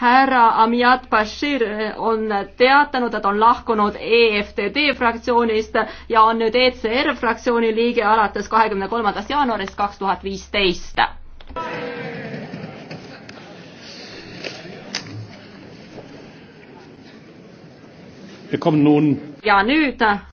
härra Amiat Bashir on teatanud, et on lahkunud EFTD fraktsioonist ja on nüüd ECR fraktsiooni liige alates kahekümne kolmandast jaanuarist kaks tuhat viisteist. ja nüüd